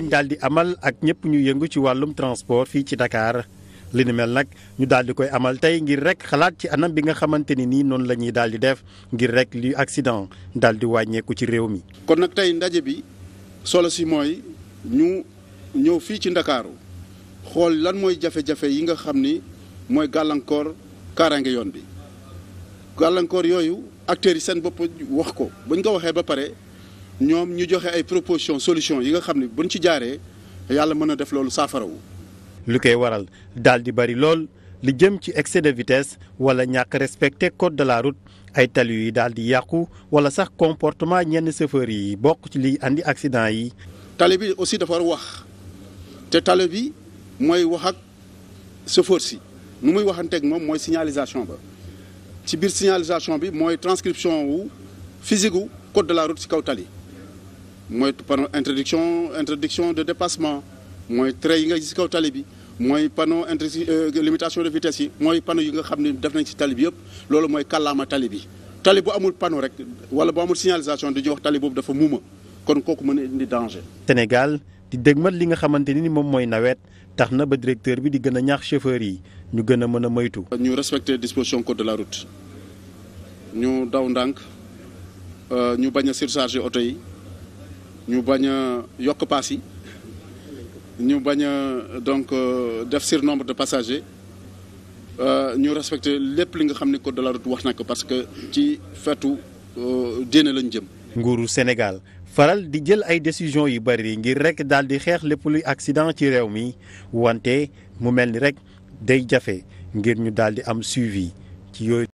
lañ daal di amal ak ñëpp ñu yëngu ci wàllum transport fii ci ndakaar li ni mel nag ñu daal di koy amal tey ngir rek xalaat ci anam bi nga xamante ni nii noonu la ñuy daal di def ngir rek li accident daal di wàññeeku ci réew mi. kon nag tey ndaje bi solo si mooy ñu ñëw fii ci ndakaaru xool lan mooy jafe-jafe yi nga xam ni mooy gàllankoor kaaraange yoon bi gàllankoor yooyu acteurs yi seen bopp wax ko bañ ko waxee ba pare. ñoom ñu joxe ay proposition solution yi nga xam ne buñ ci jaaree yàlla mën a def loolu saafarawu li koy waral daal di bari lool li jëm ci excès de vitesse wala ñàkk respecté code de la route ay tali yi daal di yàqu wala sax comportement ñenn chauffeur yi bokk ci liy andi accident yi. tali bi aussi dafa war wax te tali bi mooy wax ak chauffeur si nu muy waxanteeg moom mooy signalisation ba ci biir signalisation bi mooy transcription wu physique wu code de la route si kaw tali. mooy panneau interdiction interdiction de dépassement mooy trait yi nga gis kaw tali bi mooy panneau inter euh, limitation de vitesse yi mooy panneau yi nga xam ne def nañ si tali bi yëpp loolu mooy kàllaama tali bi tali bu amul panneau rek wala bu amul signalisation dañuy wax tali boobu dafa muuma kon kooku mën a indi danger. Sénégal di dégmat li nga xamante ni moom mooy nawet tax na ba directeur bi di gën a ñaax chauffeur yi ñu gën a mën a moytu. ñu respecter disposition de la route ñu daw ndànk euh, ñu bañ a surcharger oto yi. ñu bañ a yokk paas ñu bañ a donc euh, def sir nombre de passagers euh, ñu respecter lépp li nga xam ne ko de la wax na ko parce que ci feetu euh, diine lañ jëm. nguuru Sénégal faral di jël ay décisions yu bari ngir rek daal di xeex lépp luy accident ci réew mi wante mu mel ni rek day jafe ngir ñu daal di am suivi ci yooyu.